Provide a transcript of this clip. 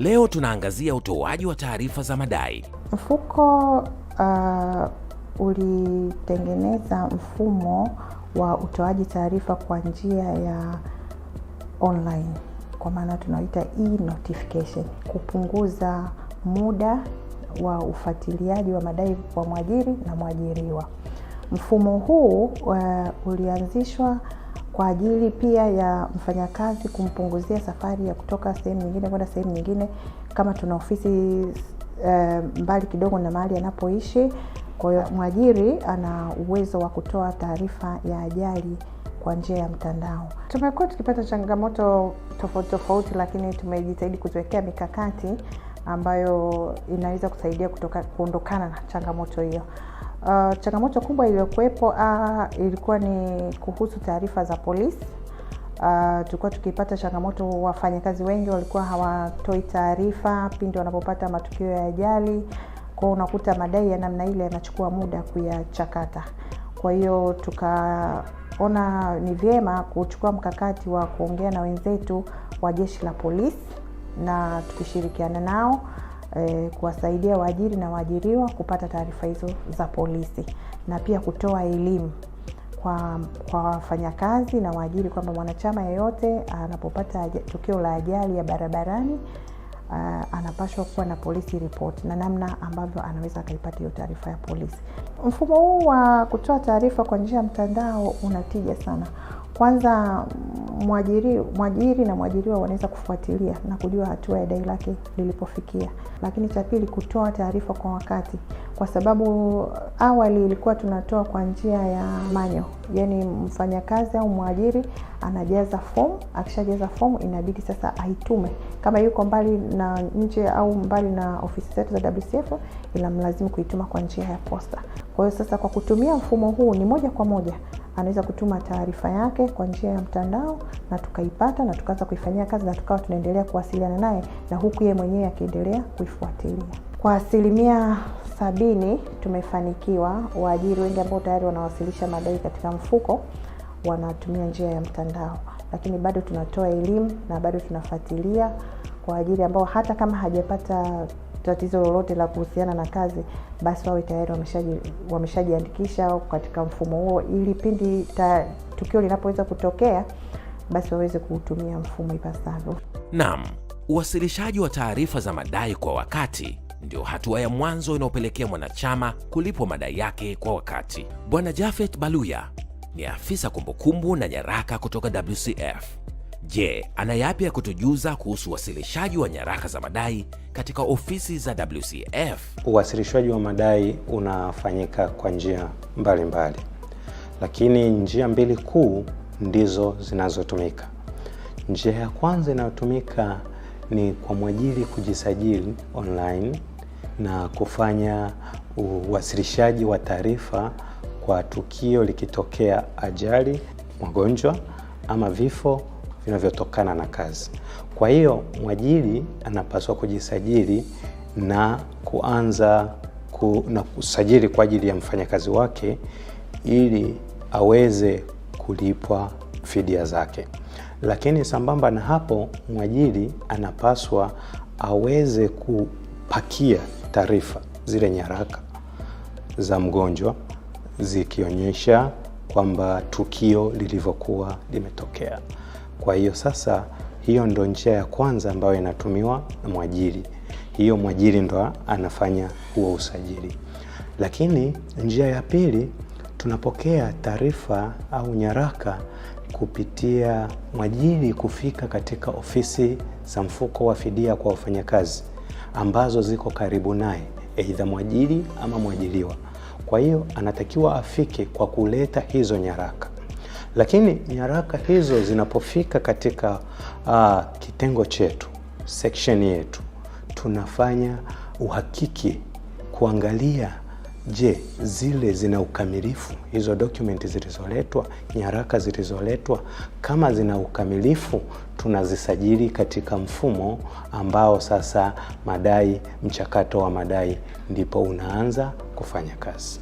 Leo tunaangazia utoaji wa taarifa za madai. Mfuko uh, ulitengeneza mfumo wa utoaji taarifa kwa njia ya online, kwa maana tunaoita e-notification, kupunguza muda wa ufuatiliaji wa madai kwa mwajiri na mwajiriwa. Mfumo huu uh, ulianzishwa kwa ajili pia ya mfanyakazi kumpunguzia safari ya kutoka sehemu nyingine kwenda sehemu nyingine, kama tuna ofisi e, mbali kidogo na mahali anapoishi. Kwa hiyo mwajiri ana uwezo wa kutoa taarifa ya ajali kwa njia ya mtandao. Tumekuwa tukipata changamoto tofauti tofauti, lakini tumejitahidi kutuwekea mikakati ambayo inaweza kusaidia kutoka, kuondokana na changamoto hiyo. Uh, changamoto kubwa iliyokuwepo uh, ilikuwa ni kuhusu taarifa za polisi. Uh, tulikuwa tukipata changamoto, wafanyakazi wengi walikuwa hawatoi taarifa pindi wanapopata matukio ya ajali, kwa unakuta madai ya namna ile yanachukua muda kuyachakata. Kwa hiyo tukaona ni vyema kuchukua mkakati wa kuongea na wenzetu wa jeshi la polisi na tukishirikiana nao eh, kuwasaidia waajiri na waajiriwa kupata taarifa hizo za polisi na pia kutoa elimu kwa kwa wafanyakazi na waajiri kwamba mwanachama yeyote anapopata tukio la ajali ya barabarani uh, anapaswa kuwa na polisi report na namna ambavyo anaweza akaipata hiyo taarifa ya polisi. Mfumo huu wa kutoa taarifa kwa njia ya mtandao una tija sana. Kwanza mwajiri, mwajiri na mwajiriwa wanaweza kufuatilia na kujua hatua ya dai lake lilipofikia. Lakini cha pili, kutoa taarifa kwa wakati, kwa sababu awali ilikuwa tunatoa kwa njia ya manyo, yaani mfanyakazi au mwajiri anajaza fomu, akishajaza fomu inabidi sasa aitume, kama yuko mbali na nje au mbali na ofisi zetu za WCF, inamlazimu kuituma kwa njia ya posta. Kwa hiyo sasa, kwa kutumia mfumo huu, ni moja kwa moja anaweza kutuma taarifa yake kwa njia ya mtandao na tukaipata na tukaanza kuifanyia kazi na tukawa tunaendelea kuwasiliana naye na huku yeye mwenyewe akiendelea kuifuatilia. Kwa asilimia sabini tumefanikiwa. Waajiri wengi ambao tayari wanawasilisha madai katika mfuko wanatumia njia ya mtandao, lakini bado tunatoa elimu na bado tunafuatilia kwa ajili ambao hata kama hajapata tatizo lolote la kuhusiana na kazi, basi wawe tayari wameshajiandikisha wameshaji katika mfumo huo, ili pindi ta, tukio linapoweza kutokea basi waweze kuutumia mfumo ipasavyo. nam uwasilishaji wa taarifa za madai kwa wakati ndio hatua ya mwanzo inayopelekea mwanachama kulipwa madai yake kwa wakati. Bwana Jafet Baluya ni afisa kumbukumbu na nyaraka kutoka WCF. Je, ana yapi ya kutujuza kuhusu uwasilishaji wa nyaraka za madai katika ofisi za WCF? Uwasilishaji wa madai unafanyika kwa njia mbalimbali, lakini njia mbili kuu ndizo zinazotumika. Njia ya kwanza inayotumika ni kwa mwajiri kujisajili online na kufanya uwasilishaji wa taarifa kwa tukio likitokea ajali, magonjwa ama vifo vinavyotokana na kazi. Kwa hiyo mwajiri anapaswa kujisajili na kuanza ku, na kusajili kwa ajili ya mfanyakazi wake ili aweze kulipwa fidia zake. Lakini sambamba na hapo, mwajiri anapaswa aweze kupakia taarifa zile nyaraka za mgonjwa zikionyesha kwamba tukio lilivyokuwa limetokea. Kwa hiyo sasa, hiyo ndo njia ya kwanza ambayo inatumiwa na mwajiri. Hiyo mwajiri ndo anafanya huo usajili. Lakini njia ya pili, tunapokea taarifa au nyaraka kupitia mwajiri kufika katika ofisi za mfuko wa fidia kwa wafanyakazi ambazo ziko karibu naye, aidha mwajiri ama mwajiriwa. Kwa hiyo anatakiwa afike kwa kuleta hizo nyaraka. Lakini nyaraka hizo zinapofika katika uh, kitengo chetu, sekshen yetu, tunafanya uhakiki kuangalia Je, zile zina ukamilifu hizo dokumenti zilizoletwa, nyaraka zilizoletwa, kama zina ukamilifu, tunazisajili katika mfumo ambao sasa madai, mchakato wa madai ndipo unaanza kufanya kazi.